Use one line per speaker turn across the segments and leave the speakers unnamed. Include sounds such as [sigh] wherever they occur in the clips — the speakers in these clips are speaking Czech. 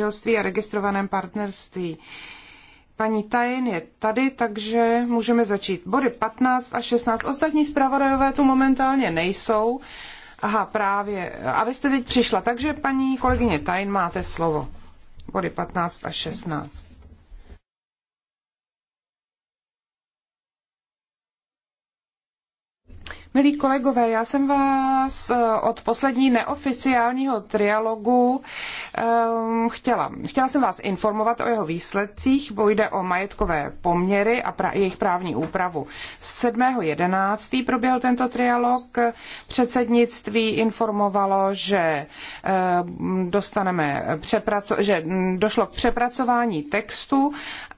manželství a registrovaném partnerství. Paní Tajin je tady, takže můžeme začít. Body 15 a 16. Ostatní zpravodajové tu momentálně nejsou. Aha, právě. A vy jste teď přišla, takže paní kolegyně Tajin máte slovo. Body 15 a 16. Milí kolegové, já jsem vás eh, od poslední neoficiálního trialogu um, chtěla. Chtěla jsem vás informovat o jeho výsledcích, bo jde o majetkové poměry a pra- jejich právní úpravu. 7.11. proběhl tento trialog. Předsednictví informovalo, že um, dostaneme přepraco- že hm, došlo k přepracování textu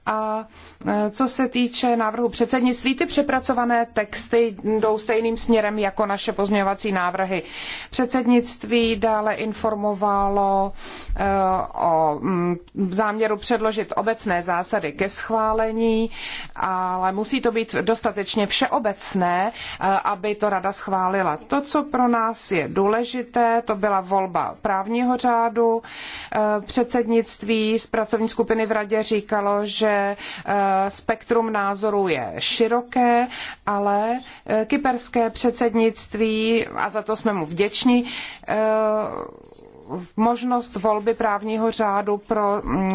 a eh, co se týče návrhu předsednictví, ty přepracované texty jdou stejným směrem jako naše pozměňovací návrhy. Předsednictví dále informovalo eh, o mm, záměru předložit obecné zásady ke schválení, ale musí to být dostatečně všeobecné, eh, aby to rada schválila. To, co pro nás je důležité, to byla volba právního řádu. Eh, předsednictví z pracovní skupiny v radě říkalo, že spektrum názorů je široké, ale kyperské předsednictví a za to jsme mu vděční eh, možnost volby právního řádu pro mm,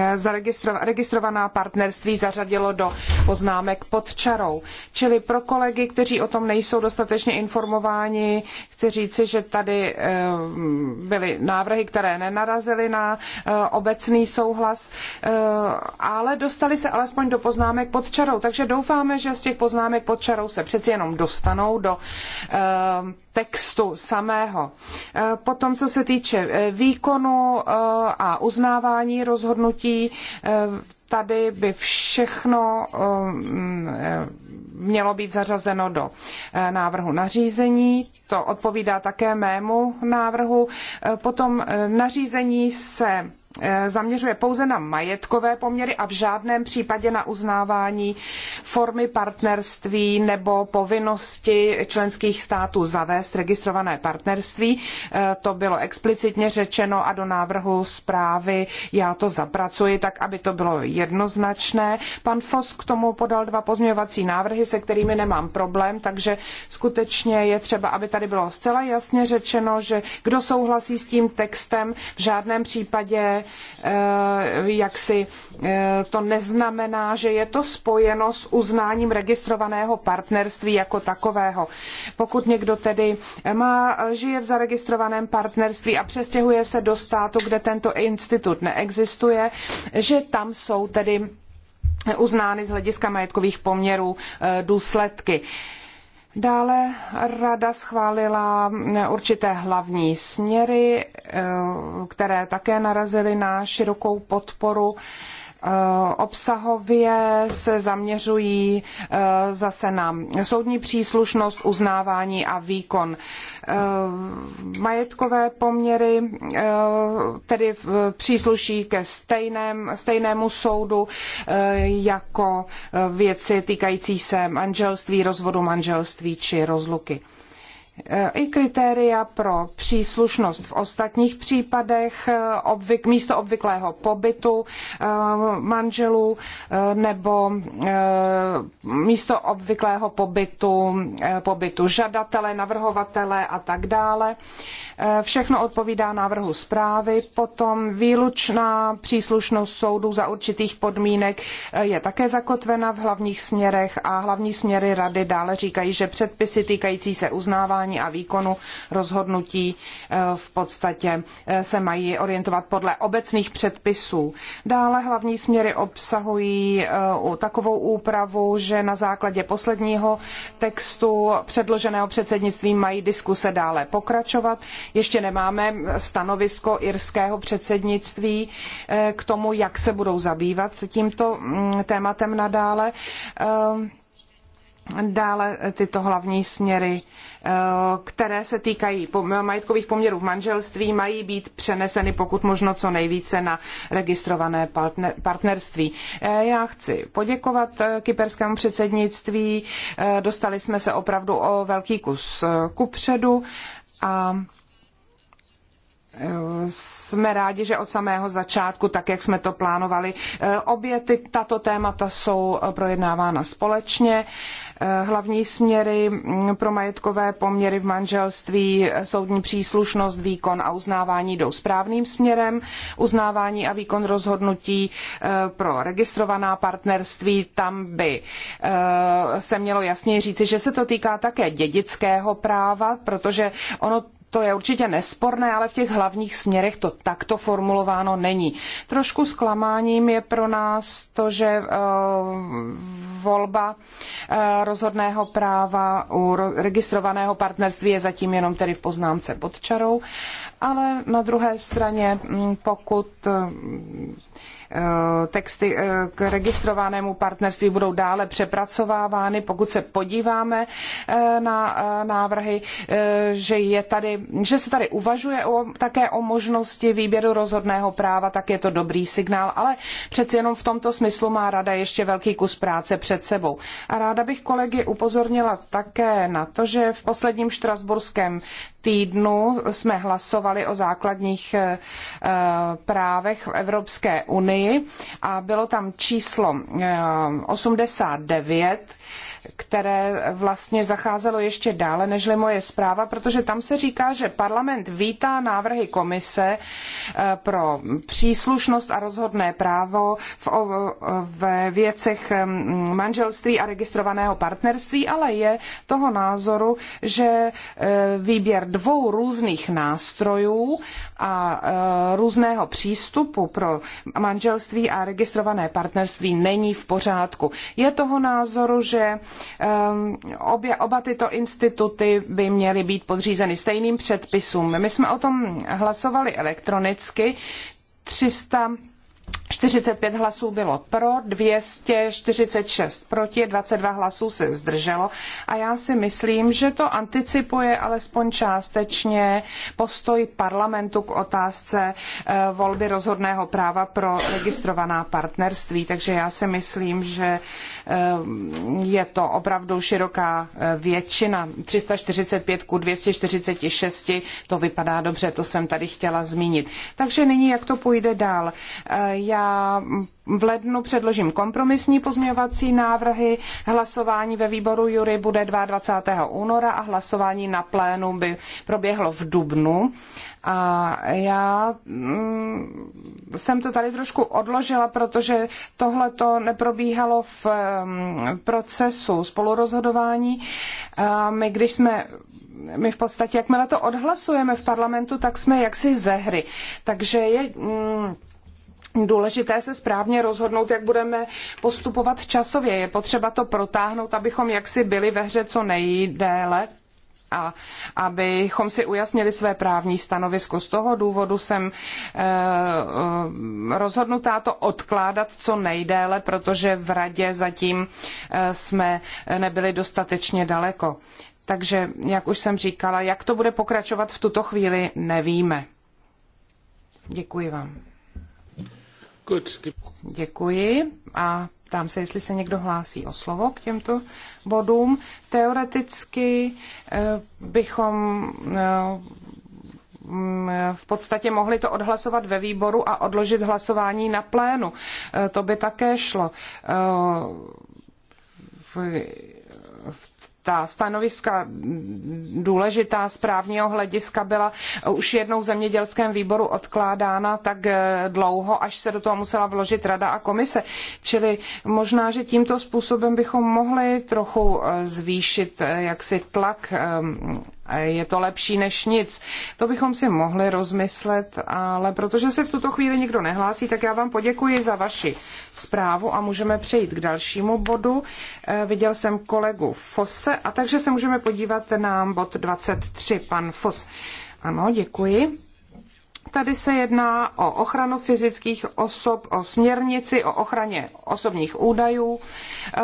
registrovaná partnerství zařadilo do poznámek pod čarou. Čili pro kolegy, kteří o tom nejsou dostatečně informováni, chci říci, že tady eh, byly návrhy, které nenarazily na eh, obecný souhlas, eh, ale dostali se alespoň do poznámek pod čarou. Takže doufáme, že z těch poznámek pod čarou se přeci jenom dostanou do textu samého. Potom, co se týče výkonu eh, a uznávání rozhodnutí. Eh, tady by všechno eh, mělo být zařazeno do návrhu nařízení. To odpovídá také mému návrhu. Potom nařízení se Eh, zaměřuje pouze na majetkové poměry a v žádném případě na uznávání formy partnerství nebo povinnosti členských států zavést registrované partnerství. Eh, to bylo explicitně řečeno a do návrhu zprávy já to zapracuji tak, aby to bylo jednoznačné. Pan Fos k tomu podal dva pozměňovací návrhy, se kterými nemám problém, takže skutečně je třeba, aby tady bylo zcela jasně řečeno, že kdo souhlasí s tím textem, v žádném případě Eh, jaksi eh, to neznamená, že je to spojeno s uznáním registrovaného partnerství jako takového. Pokud někdo tedy má, žije v zaregistrovaném partnerství a přestěhuje se do státu, kde tento institut neexistuje, že tam jsou tedy uznány z hlediska majetkových poměrů eh, důsledky. Dále rada schválila určité hlavní směry, eh, které také narazily na širokou podporu Eh, obsahově se zaměřují eh, zase na soudní příslušnost, uznávání a výkon. Eh, majetkové poměry tedy přísluší ke stejném, stejnému soudu jako věci týkající se manželství, rozvodu manželství či rozluky i kritéria pro příslušnost v ostatních případech, eh, obvyk, místo obvyklého pobytu eh, manželů eh, nebo místo obvyklého pobytu, pobytu žadatele, navrhovatele a tak dále. Všechno odpovídá návrhu zprávy. Potom výlučná příslušnost soudů za určitých podmínek je také zakotvena v hlavních směrech a hlavní směry rady dále říkají, že předpisy týkající se uznávání vykonávání a výkonu rozhodnutí e, v podstatě e, se mají orientovat podle obecných předpisů. Dále hlavní směry obsahují e, takovou úpravu, že na základě posledního textu předloženého předsednictvím mají diskuse dále pokračovat. Ještě nemáme stanovisko irského předsednictví k tomu, jak se budou zabývat tímto mm, tématem nadále. Dále tyto hlavní směry, eh, které se týkají majetkových poměrů v manželství, mají být přeneseny pokud možno co nejvíce na registrované partnerství. Eh, já chci poděkovat eh, kyperskému předsednictví. Dostali jsme se opravdu o velký kus kupředu a jsme rádi, že od samého začátku, tak jak jsme to plánovali, obě ty, tato témata jsou projednávána společně. Hlavní směry pro majetkové poměry v manželství, soudní příslušnost, výkon a uznávání jdou správným směrem. Uznávání a výkon rozhodnutí eh, pro registrovaná partnerství, tam by eh, se mělo jasně říci, že se to týká také dědického práva, protože ono to je určitě nesporné, ale v těch hlavních směrech to takto formulováno není. Trošku zklamáním je pro nás to, že eh, volba eh, rozhodného práva u registrovaného partnerství je zatím jenom tedy v poznámce pod čarou, ale na druhé straně, mm, pokud eh, Eh, texty eh, k registrovanému partnerství budou dále přepracovávány. Pokud se podíváme eh, na návrhy, že, je tady, že se tady uvažuje o, také o možnosti výběru rozhodného práva, tak je to dobrý signál, ale přeci jenom v tomto smyslu má rada ještě velký kus práce před sebou. A ráda bych kolegy upozornila také na to, že v posledním štrasburském týdnu jsme hlasovali o základních eh, právech v Evropské unii a bylo tam číslo 89 eh, které vlastně zacházelo ještě dále nežli moje zpráva, protože tam se říká, že parlament vítá návrhy komise eh, pro příslušnost a rozhodné právo v, v věcech mm, manželství a registrovaného partnerství, ale je toho názoru, že eh, výběr dvou různých nástrojů a eh, různého přístupu pro manželství a registrované partnerství není v pořádku. Je toho názoru, že Ehm, obě, oba tyto instituty by měly být podřízeny stejným předpisům. My jsme o tom hlasovali elektronicky. 300 45 hlasů bylo pro, 246 proti, 22 hlasů se zdrželo a já si myslím, že to anticipuje alespoň částečně postoj parlamentu k otázce eh, volby rozhodného práva pro registrovaná partnerství. Takže já si myslím, že eh, je to opravdu široká eh, většina. 345 ku 246, to vypadá dobře, to jsem tady chtěla zmínit. Takže nyní, jak to půjde dál? Já v lednu předložím kompromisní pozměňovací návrhy. Hlasování ve výboru Jury bude 22. února a hlasování na plénu by proběhlo v dubnu. A já mm, jsem to tady trošku odložila, protože tohle to neprobíhalo v mm, procesu spolurozhodování. A my, když jsme my v podstatě, jakmile to odhlasujeme v parlamentu, tak jsme jaksi ze hry. Takže je mm, důležité se správně rozhodnout, jak budeme postupovat časově. Je potřeba to protáhnout, abychom jaksi byli ve hře co nejdéle a abychom si ujasnili své právní stanovisko. Z toho důvodu jsem eh, eh, rozhodnutá to odkládat co nejdéle, protože v radě zatím eh, jsme nebyli dostatečně daleko. Takže, jak už jsem říkala, jak to bude pokračovat v tuto chvíli, nevíme. Děkuji vám. Děkuji a Ptám se, jestli se někdo hlásí o slovo k těmto bodům. Teoreticky eh, bychom eh, v podstatě mohli to odhlasovat ve výboru a odložit hlasování na plénu. Eh, to by také šlo ta stanoviska důležitá z právního hlediska byla už jednou v zemědělském výboru odkládána tak eh, dlouho, až se do toho musela vložit rada a komise. Čili možná, že tímto způsobem bychom mohli trochu eh, zvýšit eh, jaksi tlak ehm, je to lepší než nic. To bychom si mohli rozmyslet, ale protože se v tuto chvíli nikdo nehlásí, tak já vám poděkuji za vaši zprávu a můžeme přejít k dalšímu bodu. Eh, viděl jsem kolegu Fosse a takže se můžeme podívat na bod 23, pan Fos. Ano, děkuji. Tady se jedná o ochranu fyzických osob, o směrnici o ochraně osobních údajů.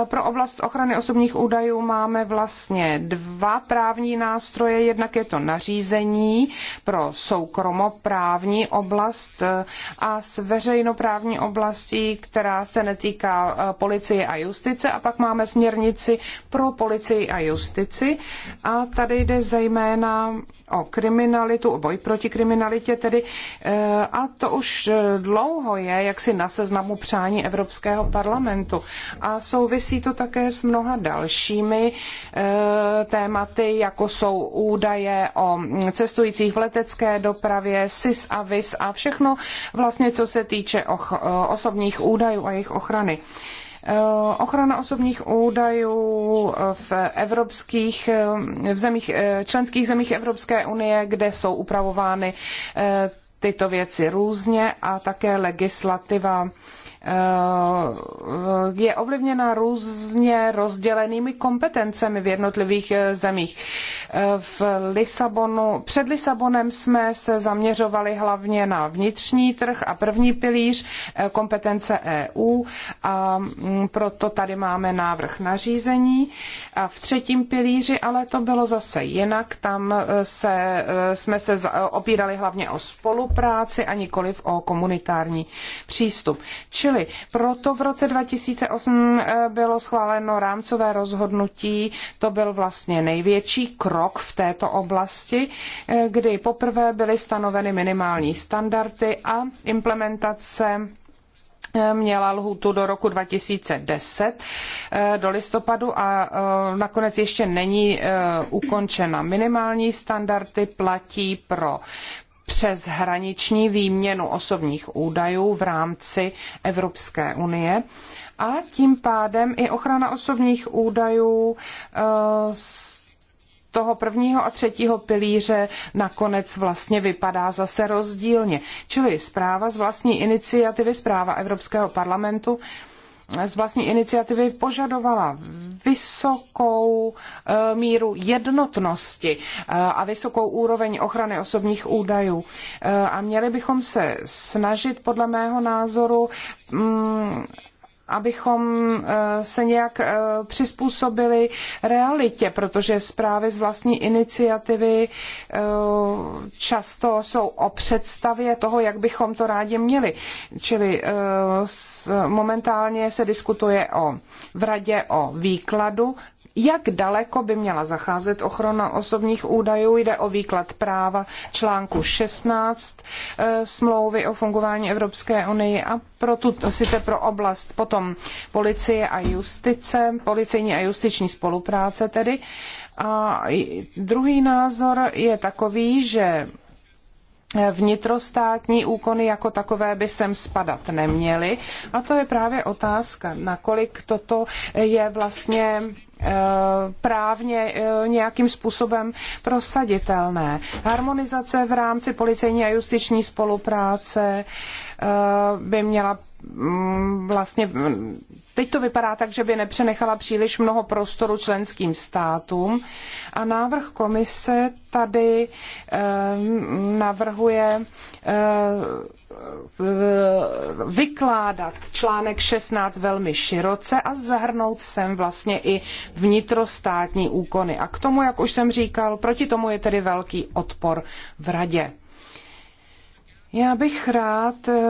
E, pro oblast ochrany osobních údajů máme vlastně dva právní nástroje. Jednak je to nařízení pro soukromoprávní oblast e, a s veřejnoprávní oblastí, která se netýká e, policie a justice. A pak máme směrnici pro policii a justici. A tady jde zejména o kriminalitu, o boj proti kriminalitě tedy. Eh, a to už eh, dlouho je jaksi na seznamu přání Evropského parlamentu. A souvisí to také s mnoha dalšími eh, tématy, jako jsou údaje o cestujících v letecké dopravě, SIS a VIS a všechno vlastně, co se týče osobních údajů a jejich ochrany. Eh, ochrana osobních údajů eh, v evropských eh, v zemích, členských zemích Evropské unie, kde jsou upravovány tyto věci různě a také legislativa Eh, je ovlivněna různě rozdělenými kompetencemi v jednotlivých eh, zemích. Eh, v Lisabonu, před Lisabonem jsme se zaměřovali hlavně na vnitřní trh a první pilíř kompetence EU a mm, proto tady máme návrh nařízení. A v třetím pilíři ale to bylo zase jinak. Tam se, jsme se opírali hlavně o spolupráci a nikoliv o komunitární přístup. Čili snížily. Proto v roce 2008 eh, bylo schváleno rámcové rozhodnutí, to byl vlastně největší krok v této oblasti, eh, kdy poprvé byly stanoveny minimální standardy a implementace eh, měla lhutu do roku 2010 do listopadu a nakonec ještě není ukončena. Minimální standardy platí pro přeshraniční výměnu osobních údajů v rámci Evropské unie a tím pádem i ochrana osobních údajů eh, z toho prvního a třetího pilíře nakonec vlastně vypadá zase rozdílně. Čili zpráva z vlastní iniciativy, zpráva Evropského parlamentu z vlastní iniciativy požadovala vysokou eh, míru jednotnosti eh, a vysokou úroveň ochrany osobních údajů. Eh, a měli bychom se snažit, podle mého názoru, mm, abychom eh, se nějak eh, přizpůsobili realitě, protože zprávy z vlastní iniciativy eh, často jsou o představě toho, jak bychom to rádi měli. Čili momentálně se diskutuje o, v radě o výkladu jak daleko by měla zacházet ochrana osobních údajů. Jde o výklad práva článku 16 eh, smlouvy o fungování Evropské unie a pro tuto, sice pro oblast potom policie a justice, policejní a justiční spolupráce tedy. A druhý názor je takový, že vnitrostátní úkony jako takové by sem spadat neměly. A to je právě otázka, nakolik toto je vlastně Eh, právně eh, nějakým způsobem prosaditelné. Harmonizace v rámci policejní a justiční spolupráce, Eh, by měla mm, vlastně, teď to vypadá tak, že by nepřenechala příliš mnoho prostoru členským státům a návrh komise tady eh, navrhuje eh, vykládat článek 16 velmi široce a zahrnout sem vlastně i vnitrostátní úkony. A k tomu, jak už jsem říkal, proti tomu je tedy velký odpor v radě. Já bych rád eh,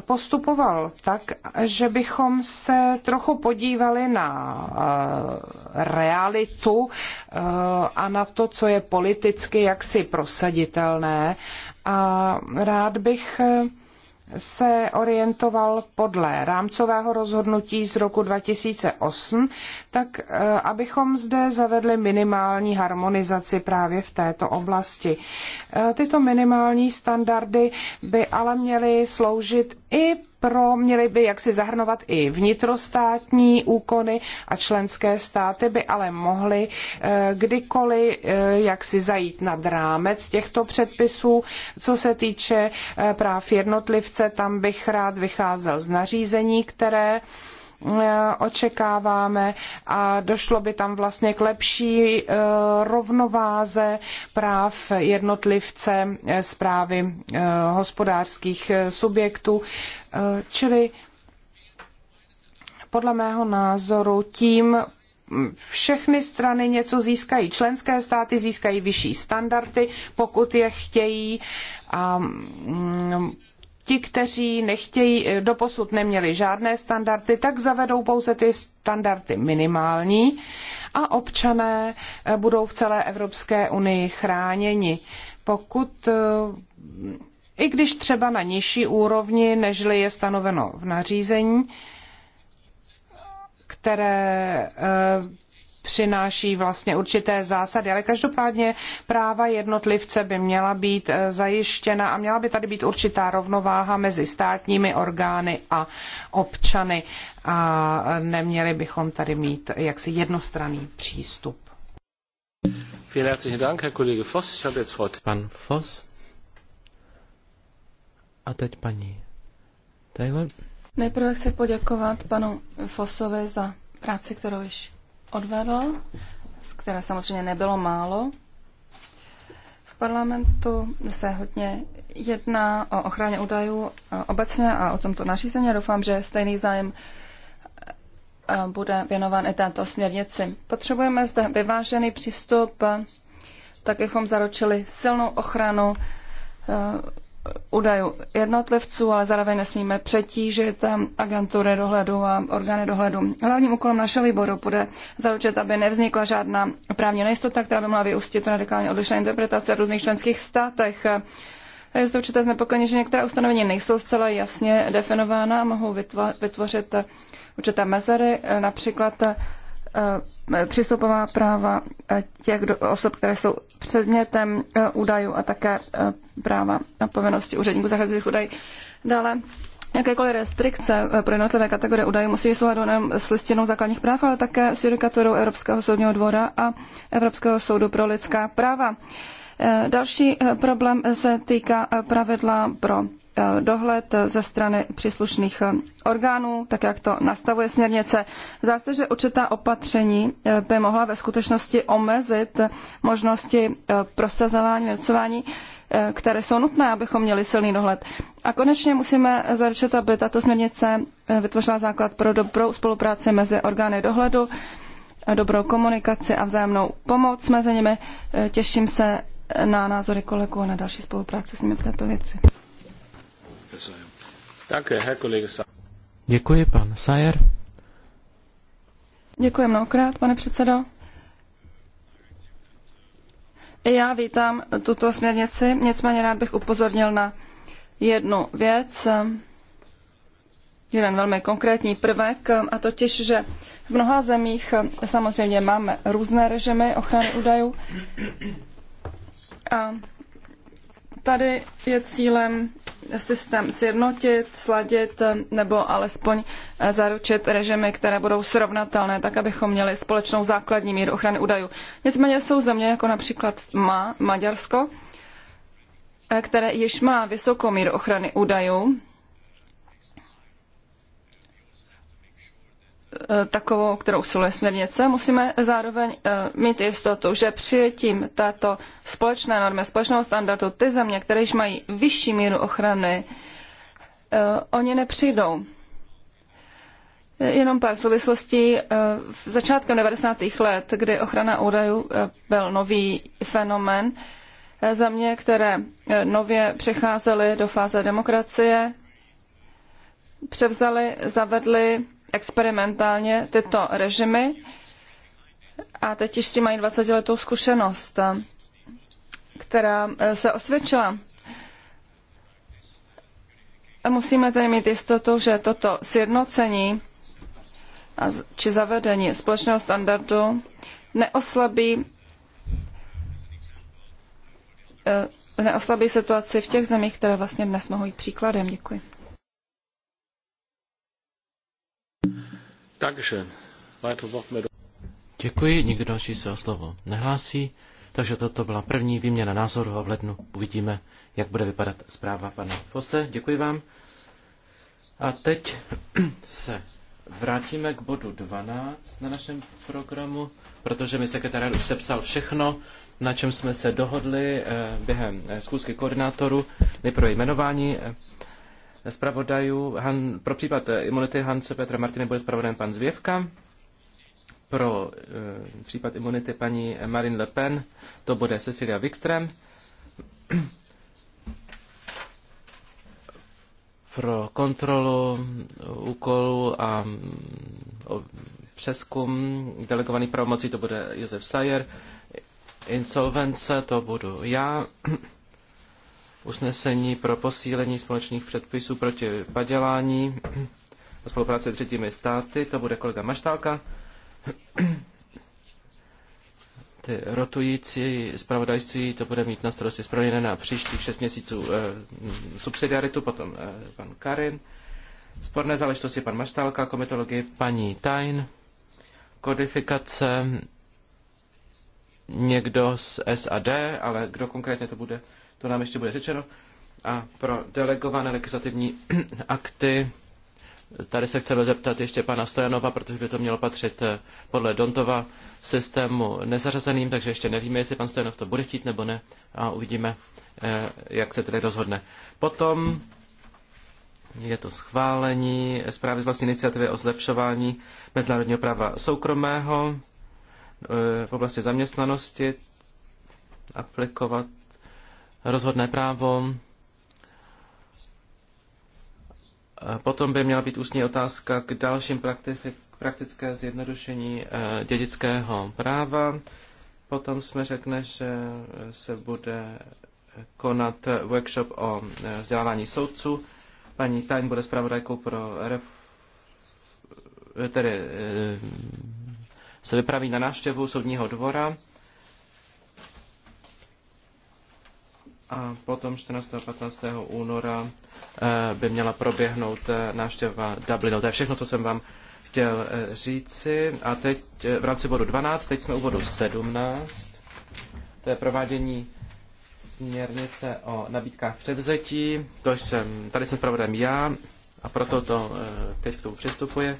postupoval tak, že bychom se trochu podívali na eh, realitu eh, a na to, co je politicky jaksi prosaditelné. A rád bych se orientoval podle rámcového rozhodnutí z roku 2008, tak eh, abychom zde zavedli minimální harmonizaci právě v této oblasti. Eh, tyto minimální standardy by ale měly sloužit i pro, měly by jaksi zahrnovat i vnitrostátní úkony a členské státy by ale mohly eh, kdykoliv eh, jaksi zajít nad rámec těchto předpisů. Co se týče eh, práv jednotlivce, tam bych rád vycházel z nařízení, které Eh, očekáváme a došlo by tam vlastně k lepší eh, rovnováze práv jednotlivce zprávy eh, hospodářských subjektů. Čili podle mého názoru tím všechny strany něco získají. Členské státy získají vyšší standardy, pokud je chtějí. A mm, ti, kteří nechtějí, eh, doposud neměli žádné standardy, tak zavedou pouze ty standardy minimální a občané eh, budou v celé Evropské unii chráněni. Pokud eh, i když třeba na nižší úrovni, nežli je stanoveno v nařízení, které přináší vlastně určité zásady, ale každopádně práva jednotlivce by měla být eh, zajištěna a měla by tady být určitá rovnováha mezi státními orgány a občany a neměli bychom tady mít jaksi jednostranný
přístup. Dank, Herr Kollege Voss. Ich habe jetzt Frau Pan Voss. A teď paní Taylor.
Nejprve chci poděkovat panu Fosovi za práci, kterou již odvedl, z které samozřejmě nebylo málo. V parlamentu se hodně jedná o ochraně údajů obecně a o tomto nařízení. Doufám, že stejný zájem eh, bude věnován i této směrnici. Potřebujeme zde vyvážený přístup, eh, tak bychom zaručili silnou ochranu eh, údajů jednotlivců, ale zároveň nesmíme přetížit eh, agentury dohledu a orgány dohledu. Hlavním úkolem našeho výboru bude zaručit, aby nevznikla žádná právní nejistota, která by mohla vyústit v radikálně odlišné interpretace v různých členských státech. Je zde určité znepokojení, že některá ustanovení nejsou zcela jasně definována a mohou vytvořit určité mezery, eh, například eh, Eh, přístupová práva eh, těch osob, které jsou předmětem eh, údajů a také práva a povinnosti úředníků zacházejících údaj. Dále Jakékoliv restrikce pro jednotlivé kategorie údajů musí souhladu nejen s listinou základních práv, ale také s judikaturou Evropského soudního dvora a Evropského soudu pro lidská práva. Další problém se týká pravidla pro Eh, dohled ze strany příslušných eh, orgánů, tak jak to nastavuje směrnice. Zdá se, že určitá opatření eh, by mohla ve skutečnosti omezit možnosti prosazování, věcování, které jsou nutné, abychom měli silný dohled. A konečně musíme zaručit, aby tato směrnice vytvořila základ pro dobrou spolupráci mezi orgány dohledu, dobrou komunikaci a vzájemnou pomoc mezi nimi. Těším se na názory kolegů a na další spolupráci s nimi v této věci.
Děkuji, pan Sayer.
Děkuji mnohokrát, pane předsedo. I já vítám tuto směrnici, nicméně rád bych upozornil na jednu věc, jeden velmi konkrétní prvek, a totiž, že v mnoha zemích samozřejmě máme různé režimy ochrany údajů a Tady je cílem systém sjednotit, sladit nebo alespoň zaručit režimy, které budou srovnatelné, tak abychom měli společnou základní míru ochrany údajů. Nicméně jsou země, jako například má Maďarsko, které již má vysokou míru ochrany údajů Eh, takovou, kterou usiluje směrnice, musíme zároveň eh, mít jistotu, že přijetím této společné normy, společného standardu, ty země, které již mají vyšší míru ochrany, eh, oni nepřijdou. Jenom pár souvislostí. V začátkem 90. let, kdy ochrana údajů byl nový fenomén, země, které nově přecházely do fáze demokracie, převzaly, zavedly experimentálně tyto režimy a teď již s tím mají 20 letou zkušenost, která eh, se osvědčila. A musíme tedy mít jistotu, že toto sjednocení či zavedení společného standardu neoslabí eh, neoslabí situaci v těch zemích, které vlastně dnes mohou jít příkladem. Děkuji.
Děkuji, nikdo další se o slovo nehlásí, takže toto byla první výměna názoru a v lednu uvidíme, jak bude vypadat zpráva pana Fose. Děkuji vám. A teď [clears throat] se vrátíme k bodu 12 na našem programu, protože mi sekretariat už sepsal všechno, na čem jsme se dohodli eh, během eh, zkoušky koordinátoru, nejprve jmenování eh, zpravodajů. Han, pro případ imunity Hance Petra Martiny bude zpravodajem pan Zvěvka. Pro e, případ imunity paní Marine Le Pen to bude Cecilia Wikström. [clears throat] pro kontrolu úkolů a mm, přeskum delegovaný pravomocí to bude Josef Sayer, insolvence to budu já [clears throat] usnesení pro posílení společných předpisů proti padělání a spolupráce s třetími státy. To bude kolega Maštálka. Ty rotující zpravodajství, to bude mít na starosti zpravodajné na příštích šest měsíců eh, subsidiaritu, potom eh, pan Karin. Sporné záležitosti pan Maštálka, komitologie paní Tajn, kodifikace někdo z SAD, ale kdo konkrétně to bude, to nám ještě bude řečeno. A pro delegované legislativní [clears throat] akty, tady se chceme zeptat ještě pana Stojanova, protože by to mělo patřit eh, podle Dontova systému nezařazeným, takže ještě nevíme, jestli pan Stojanov to bude chtít nebo ne a uvidíme, eh, jak se tedy rozhodne. Potom je to schválení zprávy z vlastní iniciativy o zlepšování mezinárodního práva soukromého eh, v oblasti zaměstnanosti aplikovat rozhodné právo. Potom by měla být ústní otázka k dalším praktické zjednodušení eh, dědického práva. Potom jsme řekne, že eh, se bude eh, konat workshop o vzdělávání soudců. Paní Tajn bude zpravodajkou pro ref... tedy se vypraví na návštěvu soudního dvora A potom 14. a 15. února eh, by měla proběhnout eh, návštěva Dublinu. To je všechno, co jsem vám chtěl eh, říci. A teď v rámci bodu 12, teď jsme u bodu 17. To je provádění směrnice o nabídkách převzetí. To jsem, tady jsem pravodem já a proto to teď k tomu přistupuje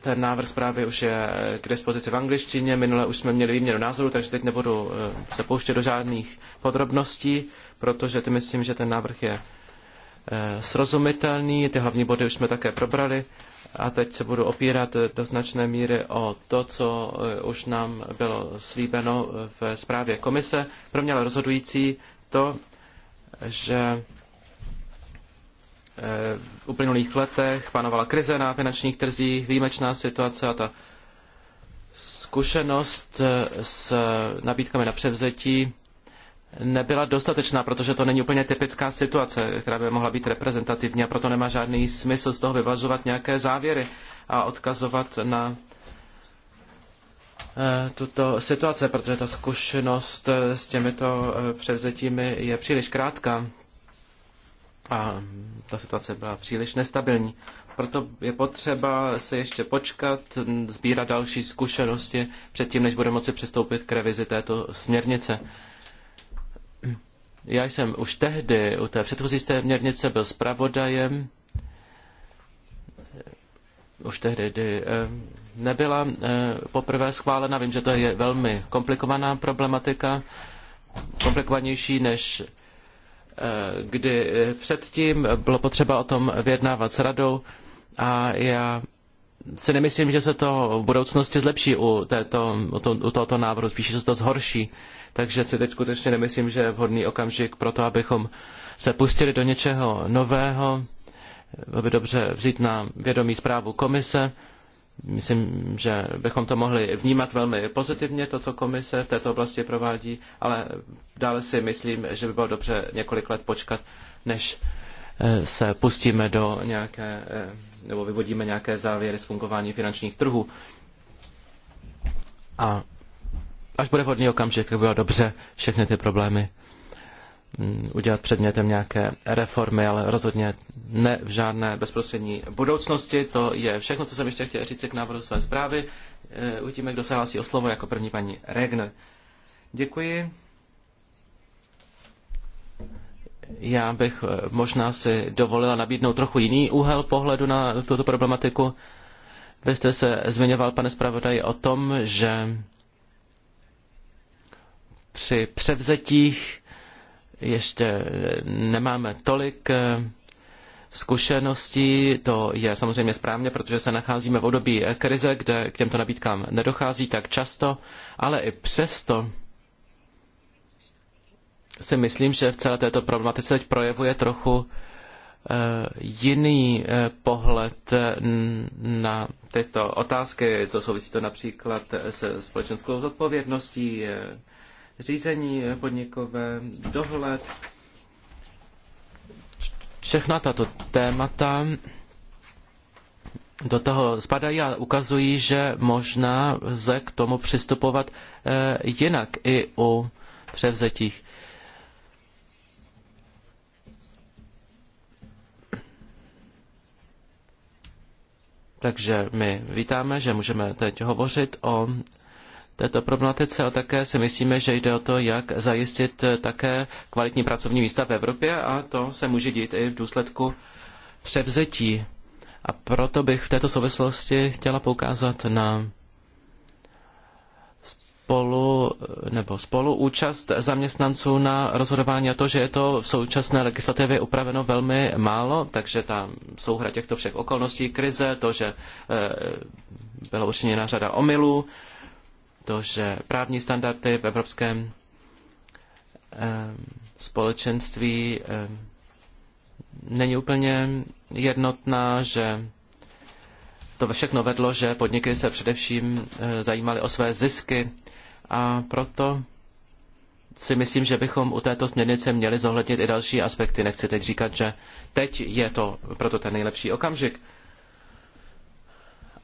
ten návrh zprávy už je k dispozici v angličtině, minule už jsme měli výměnu názoru, takže teď nebudu eh, se pouštět do žádných podrobností, protože ty myslím, že ten návrh je eh, srozumitelný, ty hlavní body už jsme také probrali a teď se budu opírat eh, do značné míry o to, co už nám bylo slíbeno v zprávě komise. Pro mě ale rozhodující to, že v uplynulých letech panovala krize na finančních trzích, výjimečná situace a ta zkušenost eh, s nabídkami na převzetí nebyla dostatečná, protože to není úplně typická situace, která by mohla být reprezentativní a proto nemá žádný smysl z toho vyvažovat nějaké závěry a odkazovat na eh, tuto situaci, protože ta zkušenost eh, s těmito převzetími je příliš krátká a ta situace byla příliš nestabilní. Proto je potřeba se ještě počkat, sbírat další zkušenosti předtím, než budeme moci přistoupit k revizi této směrnice. Já jsem už tehdy u té předchozí směrnice byl zpravodajem, už tehdy, kdy eh, nebyla eh, poprvé schválena. Vím, že to je velmi komplikovaná problematika, komplikovanější než kdy eh, předtím bylo potřeba o tom vyjednávat s radou a já si nemyslím, že se to v budoucnosti zlepší u, této, u, to, u tohoto návrhu, spíše se to zhorší. Takže si teď skutečně nemyslím, že je vhodný okamžik pro to, abychom se pustili do něčeho nového. Bylo by dobře vzít na vědomí zprávu komise Myslím, že bychom to mohli vnímat velmi pozitivně, to, co komise v této oblasti provádí, ale dále si myslím, že by bylo dobře několik let počkat, než eh, se pustíme do nějaké, eh, nebo vyvodíme nějaké závěry z fungování finančních trhů. A až bude vhodný okamžik, tak by bylo dobře všechny ty problémy Mm, udělat předmětem nějaké reformy, ale rozhodně ne v žádné bezprostřední budoucnosti. To je všechno, co jsem ještě chtěl říct k návrhu své zprávy. Eh, uvidíme, kdo se hlásí o slovo jako první paní Regner. Děkuji. Já bych eh, možná si dovolila nabídnout trochu jiný úhel pohledu na tuto problematiku. Vy jste se zmiňoval, pane zpravodaj, o tom, že při převzetích ještě eh, nemáme tolik eh, zkušeností. To je samozřejmě správně, protože se nacházíme v období krize, kde k těmto nabídkám nedochází tak často, ale i přesto si myslím, že v celé této problematice teď projevuje trochu eh, jiný pohled na tyto otázky. To souvisí to například se společenskou zodpovědností, řízení eh, podnikové, dohled. Všechna tato témata do toho spadají a ukazují, že možná lze k tomu přistupovat eh, jinak i u převzetích. Takže my vítáme, že můžeme teď hovořit o této problematice ale také si myslíme, že jde o to, jak zajistit eh, také kvalitní pracovní místa v Evropě a to se může dít i v důsledku převzetí. A proto bych v této souvislosti chtěla poukázat na spolu, eh, nebo spoluúčast zaměstnanců na rozhodování a to, že je to v současné legislativě upraveno velmi málo, takže ta souhra těchto všech okolností, krize, to, že eh, byla učiněna řada omylů, to, že právní standardy v Evropském eh, společenství eh, není úplně jednotná, že to všechno vedlo, že podniky se především eh, zajímaly o své zisky a proto si myslím, že bychom u této směrnice měli zohlednit i další aspekty. Nechci teď říkat, že teď je to proto ten nejlepší okamžik,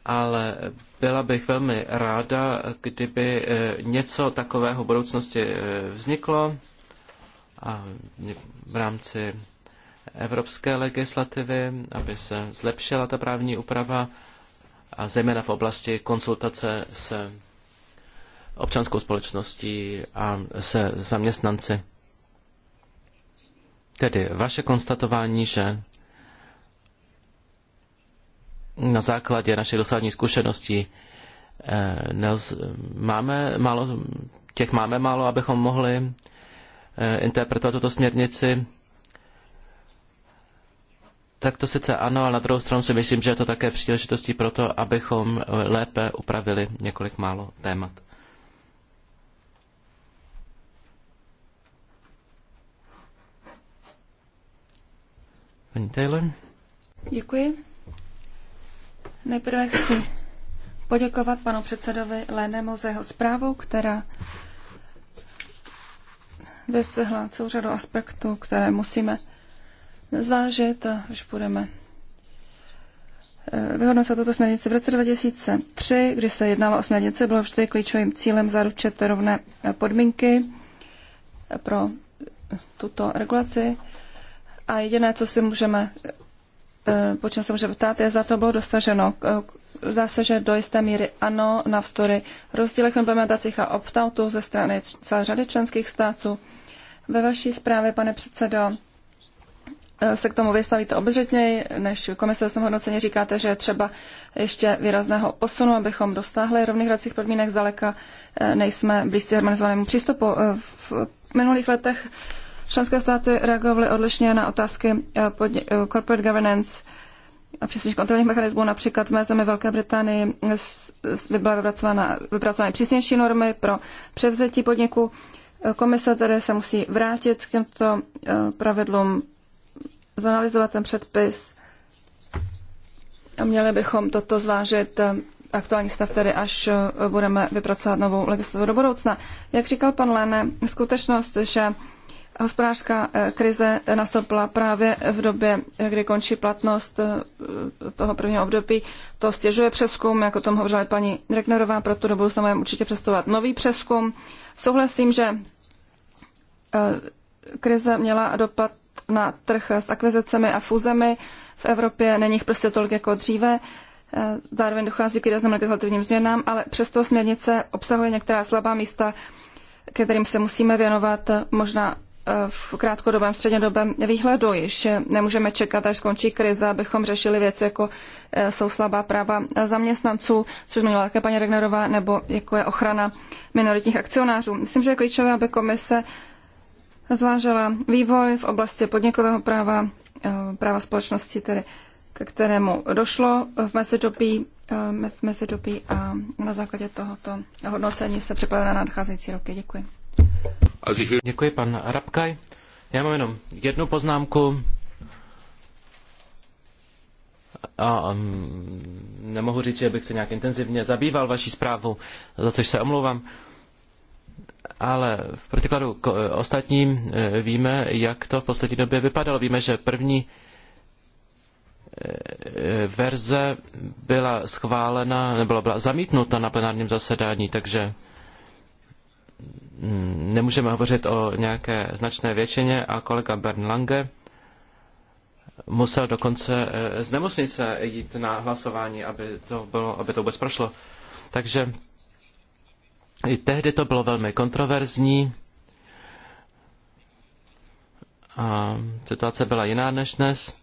ale byla bych velmi ráda, kdyby eh, něco takového v budoucnosti eh, vzniklo a v rámci evropské legislativy, aby se zlepšila ta právní úprava a zejména v oblasti konsultace se občanskou společností a se zaměstnanci. Tedy vaše konstatování, že na základě naší dosávní zkušenosti eh, nelz, máme málo, těch máme málo, abychom mohli eh, interpretovat tuto směrnici. Tak to sice ano, ale na druhou stranu si myslím, že je to také příležitostí pro to, abychom lépe upravili několik málo témat. Paní Taylor?
Děkuji. Nejprve chci poděkovat panu předsedovi Lénemu za jeho zprávu, která vystvihla celou řadu aspektů, které musíme zvážit, až budeme eh, vyhodnocovat tuto směrnici. V roce 2003, kdy se jednalo o směrnici, bylo vždy klíčovým cílem zaručit rovné eh, podmínky eh, pro tuto regulaci. A jediné, co si můžeme Eh, po čem se může ptát, je za to bylo dosaženo. Eh, Zase, že do jisté míry ano, navzdory rozdílech v implementacích a opt ze strany celé řady členských států. Ve vaší zprávě, pane předsedo, eh, se k tomu vystavíte obezřetněji, než komise ve svém hodnocení říkáte, že je třeba ještě výrazného posunu, abychom dostáhli rovných hracích podmínek. Zdaleka nejsme blízci harmonizovanému přístupu. V minulých letech Členské státy reagovaly odlišně na otázky eh, eh, corporate governance a příslušných kontrolních mechanismů. Například v mé zemi Velké Británii byla vypracována, vypracovány přísnější normy pro převzetí podniku. Eh, komise tedy se musí vrátit k těmto pravidlům, zanalizovat ten předpis. A měli bychom toto zvážit aktuální stav tedy, až budeme vypracovat novou legislativu do budoucna. Jak říkal pan Lene, skutečnost, že Hospodářská eh, krize nastoupila právě v době, kdy končí platnost eh, toho prvního období. To stěžuje přeskum, jak o tom hovořila paní Reknerová, proto do budoucna určitě přestovat nový přeskum. Souhlasím, že eh, krize měla dopad na trh s akvizicemi a fúzemi. V Evropě není jich prostě tolik jako dříve. Zároveň dochází k výrazným legislativním změnám, ale přesto směrnice obsahuje některá slabá místa, kterým se musíme věnovat. Možná v krátkodobém, střednědobém výhledu. Již nemůžeme čekat, až skončí krize, abychom řešili věci, jako eh, jsou slabá práva zaměstnanců, což zmínila také paní Regnerová, nebo jako je ochrana minoritních akcionářů. Myslím, že je klíčové, aby komise zvážila vývoj v oblasti podnikového práva, eh, práva společnosti, tedy k kterému došlo v mezidobí, eh, v mezidobí a na základě tohoto hodnocení se připravila na nadcházející roky. Děkuji.
Děkuji, pan Rabkaj. Já mám jenom jednu poznámku. A um, nemohu říct, že bych se nějak intenzivně zabýval vaší zprávou, za což se omlouvám. Ale v protikladu k eh, ostatním eh, víme, jak to v poslední době vypadalo. Víme, že první eh, verze byla schválena, nebo byla zamítnuta na plenárním zasedání, takže nemůžeme hovořit o nějaké značné většině a kolega Bern Lange musel dokonce eh, z nemocnice jít na hlasování, aby to, bylo, aby to vůbec prošlo. Takže i tehdy to bylo velmi kontroverzní. A situace byla jiná než dnes.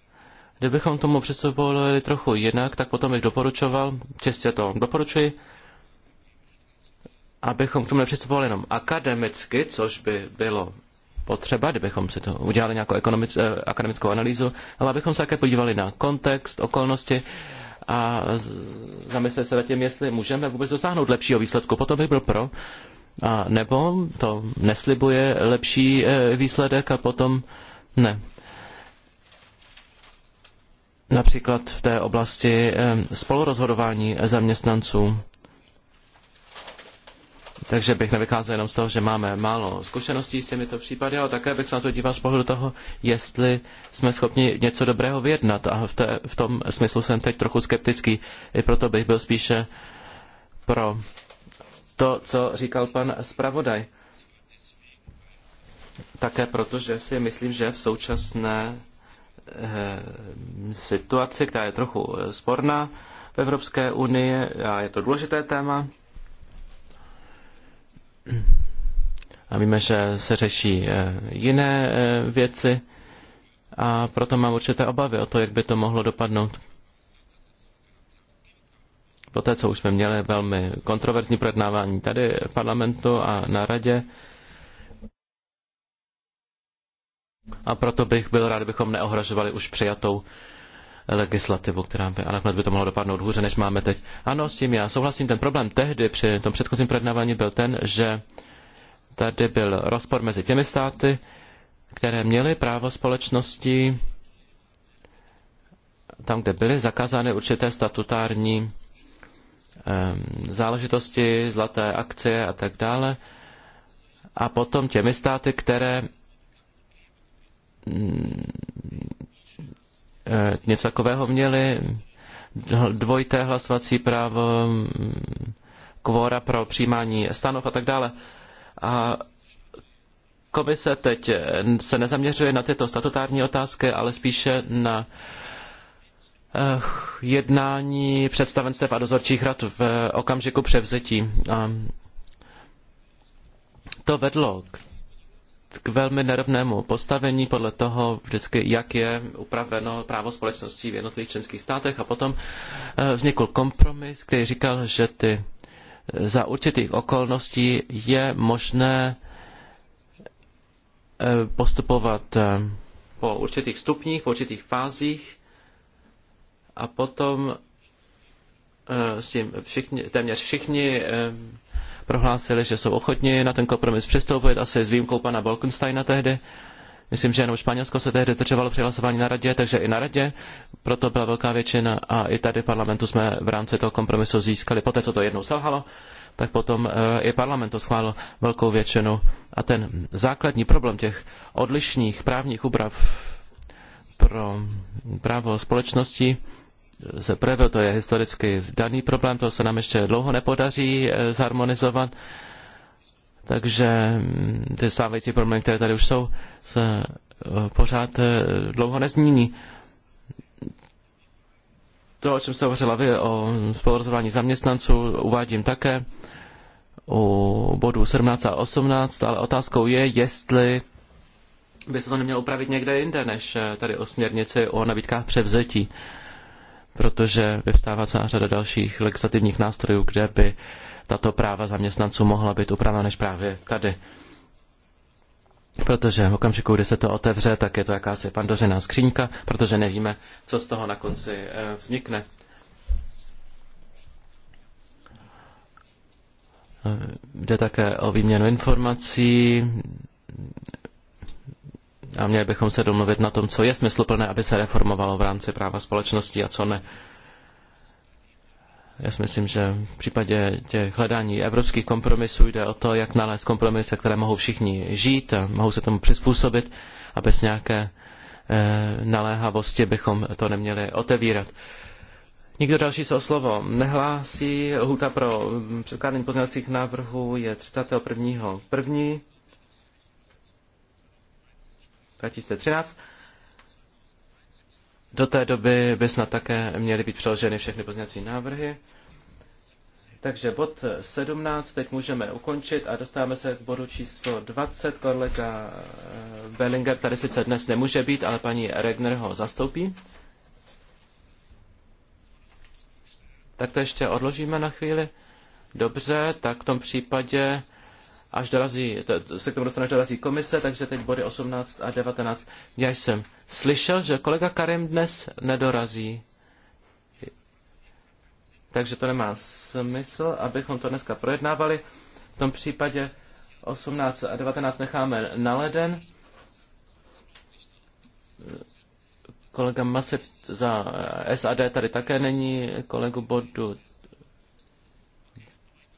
Kdybychom tomu přistupovali trochu jinak, tak potom bych doporučoval, čistě to doporučuji, abychom k tomu nepřistupovali jenom akademicky, což by bylo potřeba, kdybychom si to udělali nějakou ekonomic, eh, akademickou analýzu, ale abychom se také podívali na kontext, okolnosti a zamysleli se nad tím, jestli můžeme vůbec dosáhnout lepšího výsledku. Potom bych byl pro, a nebo to neslibuje lepší eh, výsledek a potom ne. Například v té oblasti eh, spolurozhodování zaměstnanců takže bych nevycházel jenom z toho, že máme málo zkušeností s těmito případy, ale také bych se na to díval z pohledu toho, jestli jsme schopni něco dobrého vyjednat. A v, té, v tom smyslu jsem teď trochu skeptický, i proto bych byl spíše pro to, co říkal pan zpravodaj. Také proto, že si myslím, že v současné eh, situaci, která je trochu sporná v Evropské unii, a je to důležité téma, a víme, že se řeší eh, jiné eh, věci a proto mám určité obavy o to, jak by to mohlo dopadnout. Poté, co už jsme měli velmi kontroverzní projednávání tady v parlamentu a na radě, a proto bych byl rád, bychom neohrožovali už přijatou legislativu, která by, a nakonec by to mohlo dopadnout hůře, než máme teď. Ano, s tím já souhlasím. Ten problém tehdy při tom předchozím projednávání byl ten, že tady byl rozpor mezi těmi státy, které měly právo společnosti tam, kde byly zakázány určité statutární záležitosti, zlaté akcie a tak dále. A potom těmi státy, které mm, Eh, něco takového měli, dvojité hlasovací právo, mm, kvóra pro přijímání stanov a tak dále. A komise teď eh, se nezaměřuje na tyto statutární otázky, ale spíše na eh, jednání představenstev a dozorčích rad v okamžiku převzetí. A to vedlo k k velmi nerovnému postavení podle toho vždycky, jak je upraveno právo společností v jednotlivých členských státech a potom eh, vznikl kompromis, který říkal, že ty eh, za určitých okolností je možné eh, postupovat po určitých stupních, po určitých fázích a potom s tím všichni, téměř všichni prohlásili, že jsou ochotni na ten kompromis přistoupit, asi s výjimkou pana Bolkensteina tehdy. Myslím, že jenom Španělsko se tehdy zdržovalo při hlasování na radě, takže i na radě proto byla velká většina a i tady v parlamentu jsme v rámci toho kompromisu získali. Poté, co to jednou selhalo, tak potom eh, i parlament to schválil velkou většinu. A ten základní problém těch odlišných právních úprav pro právo společnosti se projevil, to je historicky daný problém, to se nám ještě dlouho nepodaří eh, zharmonizovat. Takže mm, ty stávající problémy, které tady už jsou, se eh, pořád eh, dlouho nezmíní. To, o čem jste hovořila vy, o spolurozování zaměstnanců, uvádím také u bodu 17 a 18, ale otázkou je, jestli by se to nemělo upravit někde jinde, než tady o směrnici o nabídkách převzetí. Uh, protože vyvstává celá řada dalších legislativních nástrojů, kde by tato práva zaměstnanců mohla být upravena než právě tady. Protože v okamžiku, kdy se to otevře, tak je to jakási pandořená skřínka, protože nevíme, co z toho na konci eh, vznikne. Eh, jde také o výměnu informací, a měli bychom se domluvit na tom, co je smysluplné, aby se reformovalo v rámci práva společnosti a co ne. Já si myslím, že v případě těch hledání evropských kompromisů jde o to, jak nalézt kompromise, které mohou všichni žít a mohou se tomu přizpůsobit a bez nějaké e, naléhavosti bychom to neměli otevírat. Nikdo další se o slovo nehlásí. Huta pro předkládání pozměňovacích návrhů je 31. 1. 2013. Do té doby by snad také měly být přeloženy všechny pozměňovací návrhy. Takže bod 17 teď můžeme ukončit a dostáváme se k bodu číslo 20. Kolega eh, Bellinger tady sice dnes nemůže být, ale paní Regner ho zastoupí. Tak to ještě odložíme na chvíli. Dobře, tak v tom případě až dorazí, se k tomu dostane, až dorazí komise, takže teď body 18 a 19. Já jsem slyšel, že kolega Karim dnes nedorazí. Takže to nemá smysl, abychom to dneska projednávali. V tom případě 18 a 19 necháme na leden. Kolega Masip za SAD tady také není, kolegu Bodu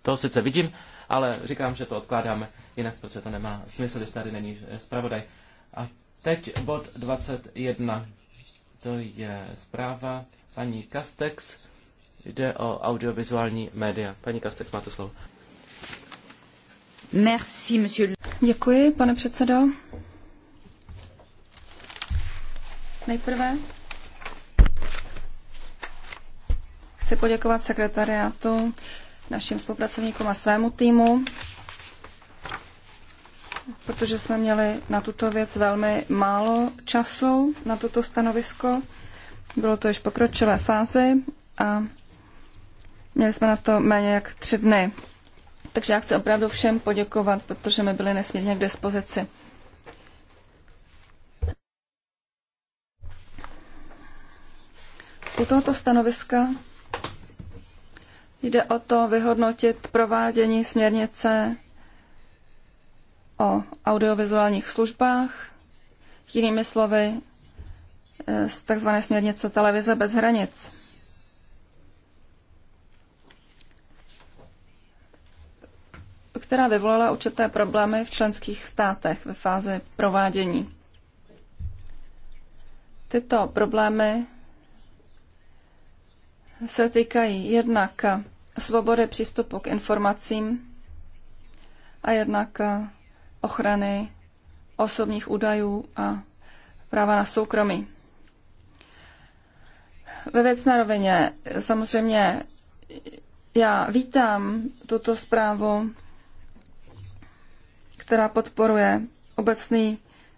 to sice vidím, ale říkám, že to odkládáme jinak, protože to nemá smysl, když tady není zpravodaj. A teď bod 21. To je zpráva paní Kastex. Jde o audiovizuální média. Paní Kastex, máte slovo.
Merci, monsieur. Děkuji, pane předsedo. Nejprve chci poděkovat sekretariátu našim spolupracovníkům a svému týmu, protože jsme měli na tuto věc velmi málo času, na toto stanovisko. Bylo to již pokročilé fázi a měli jsme na to méně jak tři dny. Takže já chci opravdu všem poděkovat, protože my byli nesmírně k dispozici. U tohoto stanoviska Jde o to vyhodnotit provádění směrnice o audiovizuálních službách, jinými slovy eh, z tzv. směrnice televize bez hranic. která vyvolala určité problémy v členských státech ve fázi provádění. Tyto problémy se týkají jednak svobody přístupu k informacím a jednak ochrany osobních údajů a práva na soukromí. Ve věcné rovině samozřejmě já vítám tuto zprávu, která podporuje obecný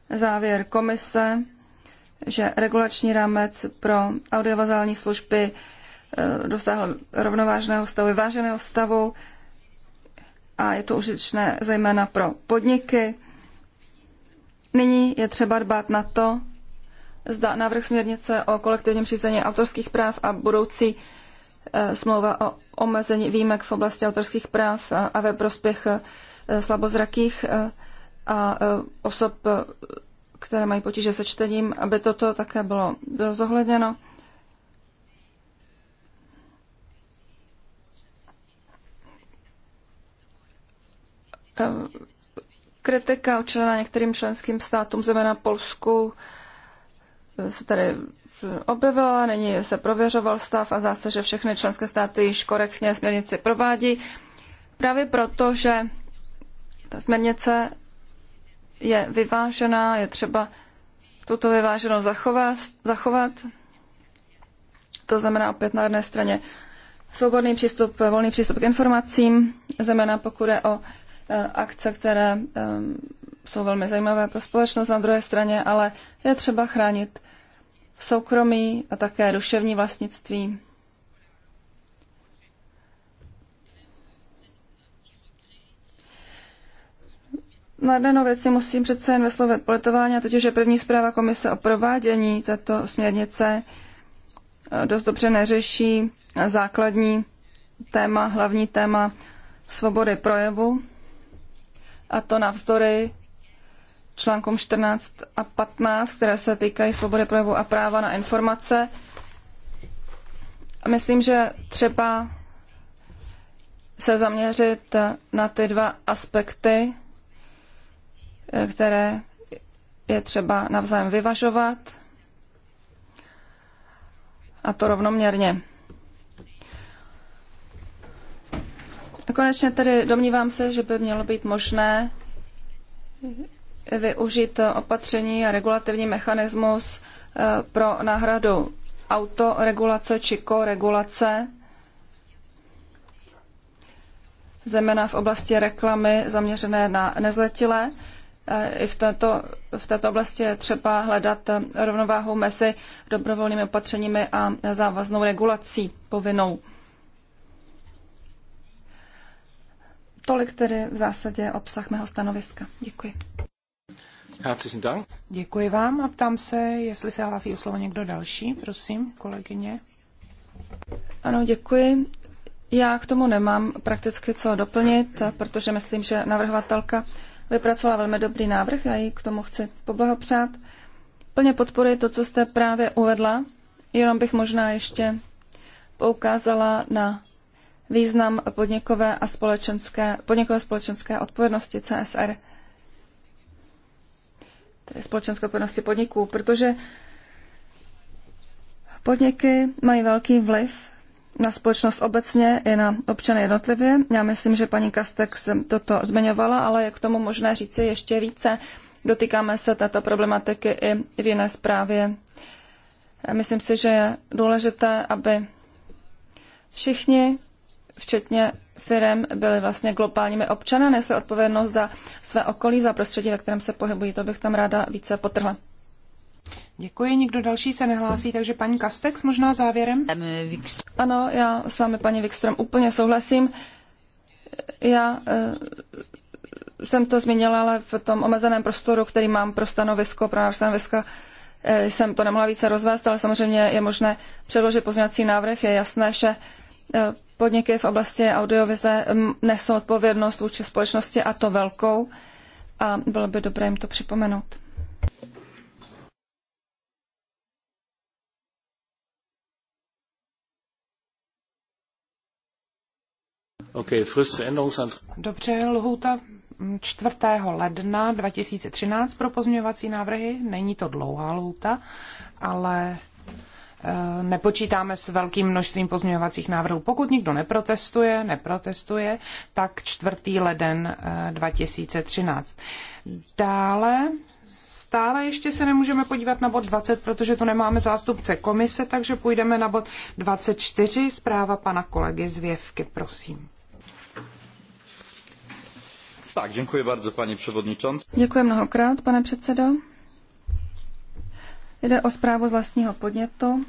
závěr komise, že regulační rámec pro audiovazální služby Eh, dosáhl rovnovážného stavu, vyváženého stavu a je to užitečné zejména pro podniky. Nyní je třeba dbát na to, zda návrh směrnice o kolektivním řízení autorských práv a budoucí eh, smlouva o omezení výjimek v oblasti autorských práv a ve prospěch eh, slabozrakých a osob, které mají potíže se čtením, aby toto také bylo zohledněno. Ehm, kritika učiněna některým členským státům, zejména Polsku, eh, se tady objevila, nyní se prověřoval stav a zase, že všechny členské státy již korektně směrnici provádí. Právě proto, že ta směrnice je vyvážená, je třeba tuto vyváženou zachovat, zachovat. To znamená opět na jedné straně svobodný přístup, volný přístup k informacím, zejména pokud je o Eh, akce, které eh, jsou velmi zajímavé pro společnost na druhé straně, ale je třeba chránit soukromí a také duševní vlastnictví. Na jednou věci musím přece jen vyslovit politování, a totiž je první zpráva komise o provádění této směrnice eh, dost dobře neřeší základní téma, hlavní téma svobody projevu a to navzdory článkům 14 a 15, které se týkají svobody projevu a práva na informace. Myslím, že třeba se zaměřit na ty dva aspekty, které je třeba navzájem vyvažovat a to rovnoměrně. Konečně tedy domnívám se, že by mělo být možné využít opatření a regulativní mechanismus eh, pro náhradu autoregulace či koregulace, zejména v oblasti reklamy zaměřené na nezletilé. Eh, I v této, v této oblasti je třeba hledat rovnováhu mezi dobrovolnými opatřeními a závaznou regulací povinnou.
Tolik tedy v zásadě obsah mého stanoviska. Děkuji. Děkuji vám a ptám se, jestli se hlásí o slovo někdo další. Prosím, kolegyně. Ano, děkuji. Já k tomu nemám prakticky co
doplnit, protože myslím, že navrhovatelka vypracovala velmi dobrý návrh a ji k tomu chci poblahopřát. Plně podporuji to, co jste právě uvedla, jenom bych možná ještě poukázala na význam podnikové a společenské, podnikové společenské odpovědnosti CSR, tedy společenské odpovědnosti podniků, protože podniky mají velký vliv na společnost obecně i na občany jednotlivě. Já myslím, že paní Kastex toto zmiňovala, ale je k tomu možné říci ještě více. Dotýkáme se této problematiky i v jiné zprávě. Myslím si, že je důležité, aby všichni včetně firm, byli vlastně globálními občany, nesli odpovědnost za své okolí, za prostředí, ve kterém se pohybují. To bych tam ráda
více potrhla. Děkuji, nikdo další se nehlásí, takže paní Kastex možná závěrem.
Ano, já s vámi, paní Wikström, úplně souhlasím. Já e, jsem to zmínila, ale v tom omezeném prostoru, který mám pro stanovisko, pro náš stanoviska, e, jsem to nemohla více rozvést, ale samozřejmě je možné předložit pozměňovací návrh. Je jasné, že e, podniky v oblasti audiovize mm, nesou odpovědnost vůči společnosti a to velkou a bylo by dobré jim to připomenout.
Okay,
Dobře, lhůta 4. Mm, ledna 2013 pro pozměňovací návrhy. Není to dlouhá lhůta, ale Eh, nepočítáme s velkým množstvím pozměňovacích návrhů. Pokud nikdo neprotestuje, neprotestuje, tak 4. leden 2013. Eh, Dále stále ještě se nemůžeme podívat na bod 20, protože tu nemáme zástupce komise, takže půjdeme na bod 24, zpráva pana kolegy Zvěvky, prosím.
Tak, děkuji bardzo, paní předsedající.
Děkuji mnohokrát, pane předsedo.
Jde o zprávu z vlastního podnětu,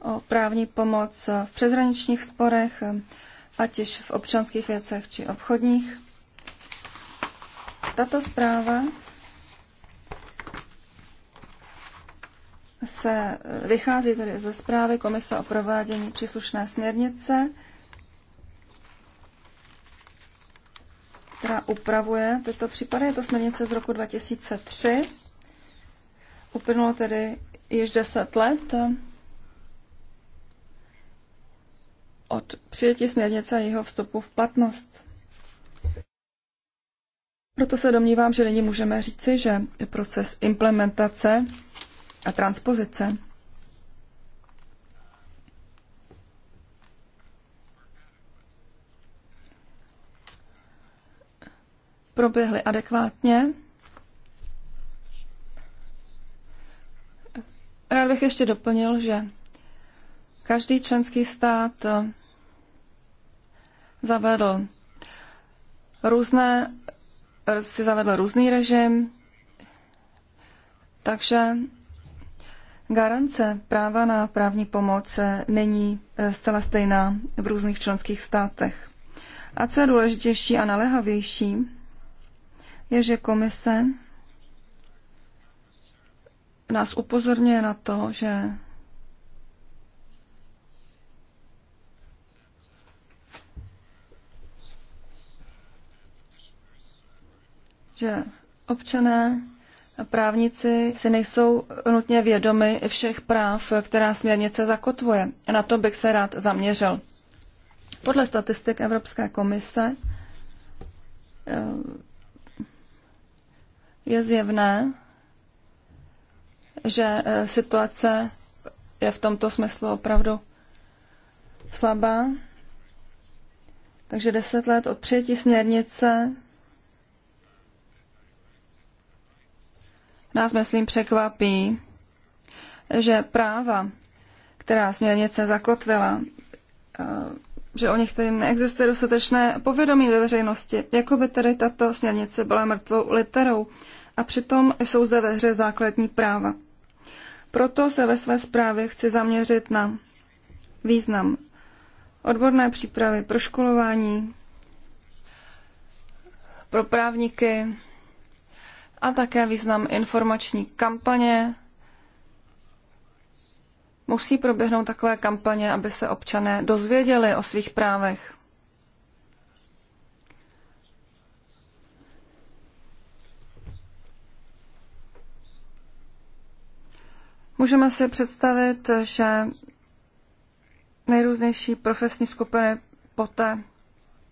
o právní pomoc v přezraničních sporech, ať již v občanských věcech či obchodních. Tato zpráva se vychází tedy ze zprávy Komise o provádění příslušné směrnice, která upravuje tyto případy. Je to směrnice z roku 2003 Uplynulo tedy již deset let od přijetí směrnice a jeho vstupu v platnost. Proto se domnívám, že nyní můžeme říci, že proces implementace a transpozice proběhly adekvátně Rád bych ještě doplnil, že každý členský stát eh, zavedl různé, eh, si zavedl různý režim, takže garance práva na právní pomoc eh, není zcela stejná v různých členských státech. A co je důležitější a naléhavější, je, že komise nás upozorňuje na to, že že občané a právníci si nejsou nutně vědomi všech práv, která směrnice zakotvuje. Na to bych se rád zaměřil. Podle statistik Evropské komise eh, je zjevné, že eh, situace je v tomto smyslu opravdu slabá. Takže deset let od přijetí směrnice nás, myslím, překvapí, že práva, která směrnice zakotvila, eh, že o nich tedy neexistuje dostatečné povědomí ve veřejnosti, jako by tedy tato směrnice byla mrtvou literou. A přitom jsou zde ve hře základní práva. Proto se ve své zprávě chci zaměřit na význam odborné přípravy pro školování, pro právníky a také význam informační kampaně. Musí proběhnout takové kampaně, aby se občané dozvěděli o svých právech. Můžeme si představit, že nejrůznější profesní skupiny poté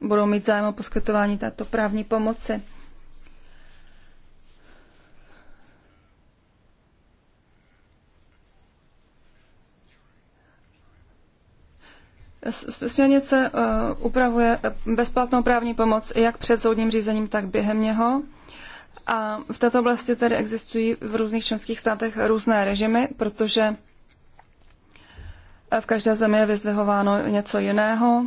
budou mít zájem o poskytování této právní pomoci. Směrnice eh, upravuje bezplatnou právní pomoc jak před soudním řízením, tak během něho. A v této oblasti tedy existují v různých členských státech různé režimy, protože v každé zemi je vyzdvihováno něco jiného.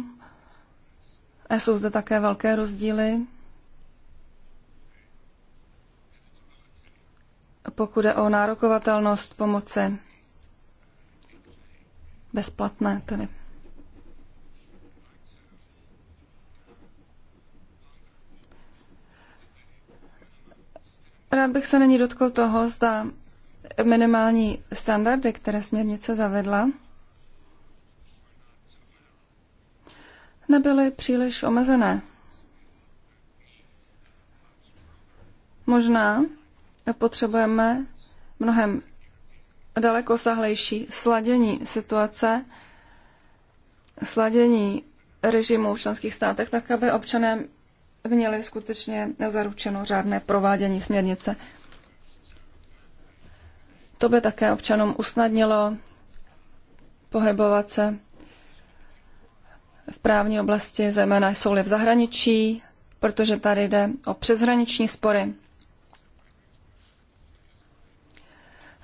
A jsou zde také velké rozdíly. Pokud je o nárokovatelnost pomoci, bezplatné tedy. Rád bych se nyní dotkl toho, zda minimální standardy, které směrnice zavedla, nebyly příliš omezené. Možná potřebujeme mnohem sahlejší sladění situace, sladění režimu v členských státech, tak aby občané měli skutečně zaručeno řádné provádění směrnice. To by také občanům usnadnilo pohybovat se v právní oblasti, zejména jsou-li v zahraničí, protože tady jde o přeshraniční spory.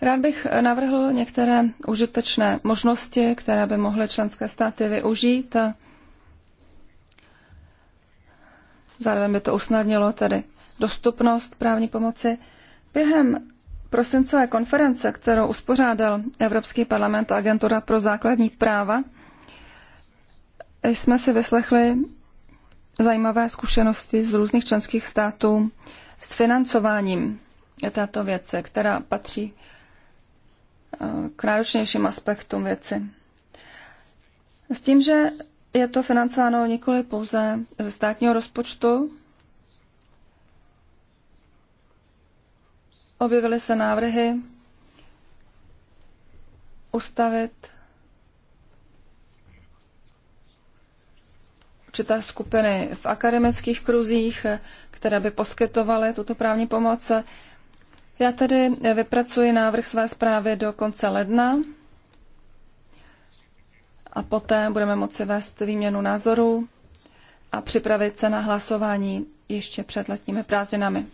Rád bych navrhl některé užitečné možnosti, které by mohly členské státy využít. A zároveň by to usnadnilo tedy dostupnost právní pomoci. Během prosincové konference, kterou uspořádal Evropský parlament a Agentura pro základní práva, jsme si vyslechli zajímavé zkušenosti z různých členských států s financováním této věce, která patří eh, k náročnějším aspektům věci. S tím, že je to financováno nikoli pouze ze státního rozpočtu. Objevily se návrhy ustavit určité skupiny v akademických kruzích, které by poskytovaly tuto právní pomoc. Já tedy vypracuji návrh své zprávy do konce ledna a poté budeme moci vést výměnu názorů a připravit se na hlasování ještě před letními prázdninami.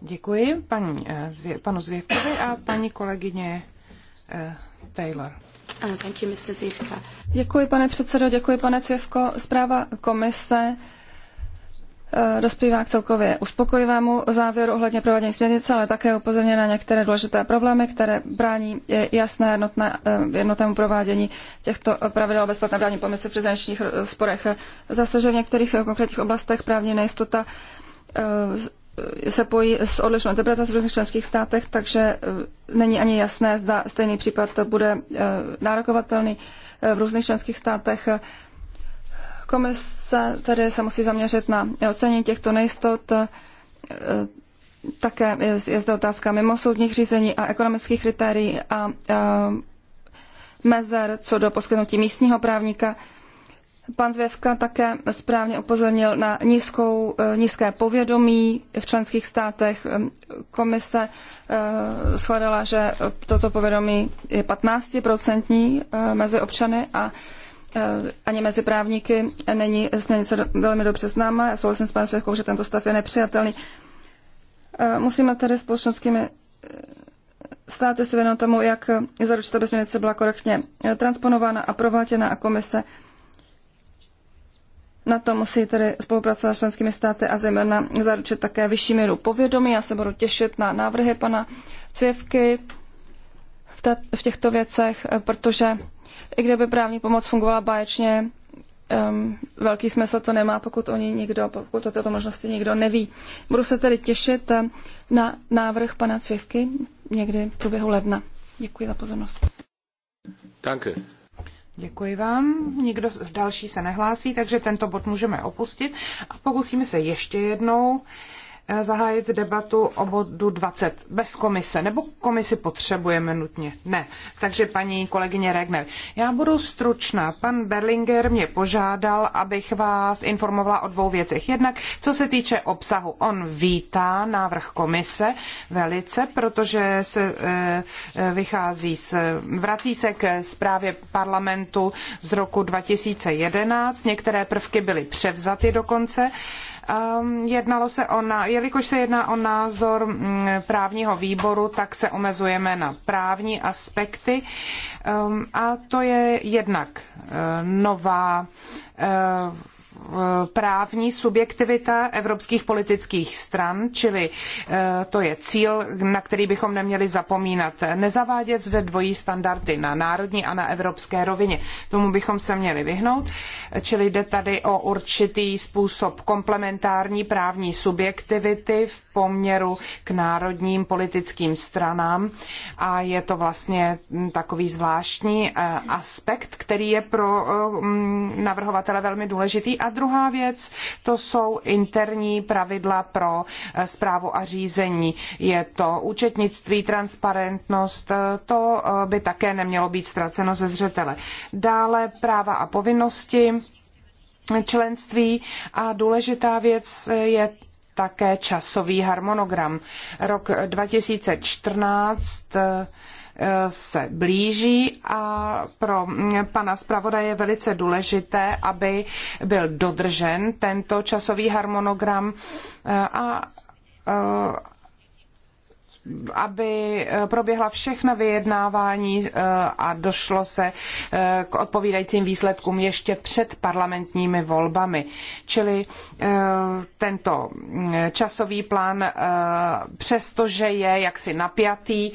Děkuji paní, eh, zvě, panu Zvěvkovi a paní kolegyně eh, Taylor. Ano, uh, thank you, Mr.
Děkuji, pane předsedo, děkuji, pane Cvěvko. Zpráva komise Eh, dospívá k celkově uspokojivému závěru ohledně provádění směrnice, ale také upozorně na některé důležité problémy, které brání jasné jednotné, eh, jednotnému provádění těchto pravidel bezplatné právní pomoci v přeshraničních eh, sporech. Zase, že v některých konkrétních oblastech právní nejistota se pojí s odlišnou interpretací v různých členských státech, takže není ani jasné, zda stejný případ bude nárokovatelný v různých členských státech. Komise tedy se musí zaměřit na odstranění těchto nejistot, eh, také je zde otázka mimosoudních řízení a ekonomických kritérií a eh, mezer co do poskytnutí místního právníka. Pan Zvěvka také správně upozornil na nízkou, eh, nízké povědomí v členských státech. Komise shledala, že toto povědomí je 15% mezi občany a Eh, ani mezi právníky není směrnice velmi dobře známa. Já souhlasím s panem Svědkou, že tento stav je nepřijatelný. Eh, musíme tedy s eh, státy se věnout tomu, jak zaručit, aby směrnice byla korektně transponována a prováděna a komise na to musí tedy spolupracovat s členskými státy a zejména zaručit také vyšší míru povědomí. Já se budu těšit na návrhy pana Cvěvky v, těchto věcech, protože i kdyby právní pomoc fungovala báječně, um, velký smysl to nemá, pokud o ní nikdo, pokud o této možnosti nikdo neví. Budu se tedy těšit na návrh pana Cvěvky někdy v průběhu ledna. Děkuji za pozornost.
Danke.
Děkuji vám. Nikdo další se nehlásí, takže tento bod můžeme opustit a pokusíme se ještě jednou zahájit debatu o bodu 20 bez komise, nebo komisi potřebujeme nutně? Ne. Takže paní kolegyně Regner, já budu stručná. Pan Berlinger mě požádal, abych vás informovala o dvou věcech. Jednak, co se týče obsahu, on vítá návrh komise velice, protože se e, e, vychází z, vrací se k zprávě parlamentu z roku 2011. Některé prvky byly převzaty dokonce. E, Ehm, jednalo se o, na, jelikož se jedná o názor mm, právního výboru, tak se omezujeme na právní aspekty. Ehm, a to je jednak eh, nová eh, Eh, právní subjektivita evropských politických stran, čili eh, to je cíl, na který bychom neměli zapomínat. Nezavádět zde dvojí standardy na národní a na evropské rovině. Tomu bychom se měli vyhnout, čili jde tady o určitý způsob komplementární právní subjektivity v poměru k národním politickým stranám a je to vlastně takový zvláštní eh, aspekt, který je pro navrhovatele velmi důležitý a druhá věc, to jsou interní pravidla pro zprávu eh, a řízení. Je to účetnictví, transparentnost, eh, to eh, by také nemělo být ztraceno ze zřetele. Dále práva a povinnosti členství a důležitá věc je také časový harmonogram. Rok 2014 se blíží a pro pana zpravodaje je velice důležité, aby byl dodržen tento časový harmonogram a aby eh, proběhla všechna vyjednávání eh, a došlo se eh, k odpovídajícím výsledkům ještě před parlamentními volbami. Čili tento mm, časový plán, přestože je jaksi napjatý,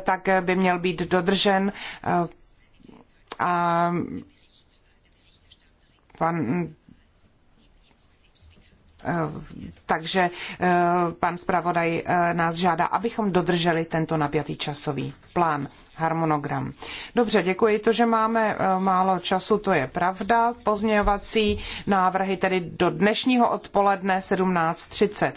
tak by měl být dodržen. A pan takže eh, pan zpravodaj eh, nás žádá, abychom dodrželi tento napjatý časový plán, harmonogram. Dobře, děkuji. To, že máme eh, málo času, to je pravda. Pozměňovací návrhy tedy do dnešního odpoledne 17.30.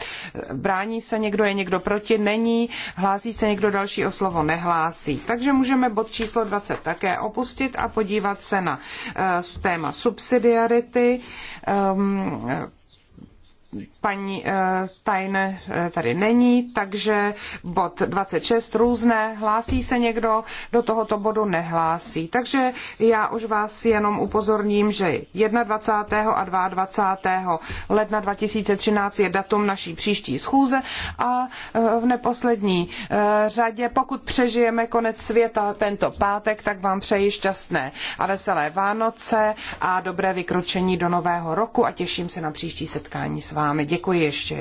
Brání se někdo, je někdo proti? Není. Hlásí se někdo další o slovo? Nehlásí. Takže můžeme bod číslo 20 také opustit a podívat se na téma subsidiarity ehm, paní eh, Tajne eh, tady není, takže bod 26 různé. Hlásí se někdo? Do tohoto bodu nehlásí. Takže já už vás jenom upozorním, že 21. a 22. ledna 2013 je datum naší příští schůze a eh, v neposlední řadě, pokud přežijeme konec světa tento pátek, tak vám přeji šťastné a veselé Vánoce a dobré vykročení do nového roku a těším se na příští setkání s vámi vámi. Děkuji ještě